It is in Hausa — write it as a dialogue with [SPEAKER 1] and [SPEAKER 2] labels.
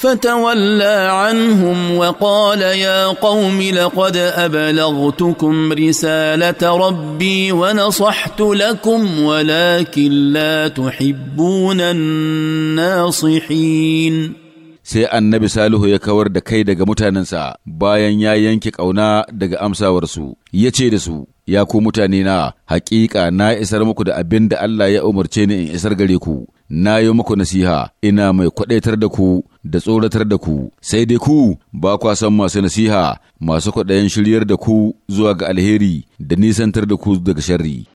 [SPEAKER 1] فتولى عنهم وقال يا قوم لقد ابلغتكم رساله ربي ونصحت لكم ولكن لا تحبون الناصحين
[SPEAKER 2] sai annabi salihu ya kawar da kai daga mutanensa bayan ya yanke ƙauna daga amsawarsu ya ce da su ya ku mutane na na isar muku da abin da Allah ya umarce ni in isar gare ku na yi muku nasiha ina mai kwaɗaitar da ku da tsoratar da ku, sai dai ku ba kwa san masu nasiha masu kwaɗayin shiryar da ku zuwa ga alheri da nisantar da ku daga sharri.